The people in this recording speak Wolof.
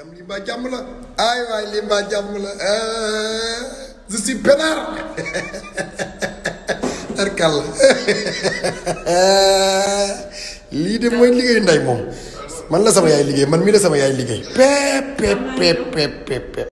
jàmm li mbaa jàmm la ay waay li mbaa jàmm la eh, je suis peinard tarkal lii de mooy liggéeyu ndey moom man la sama yaay liggéey man mii la sama yaay liggéey pep pep pep pep pep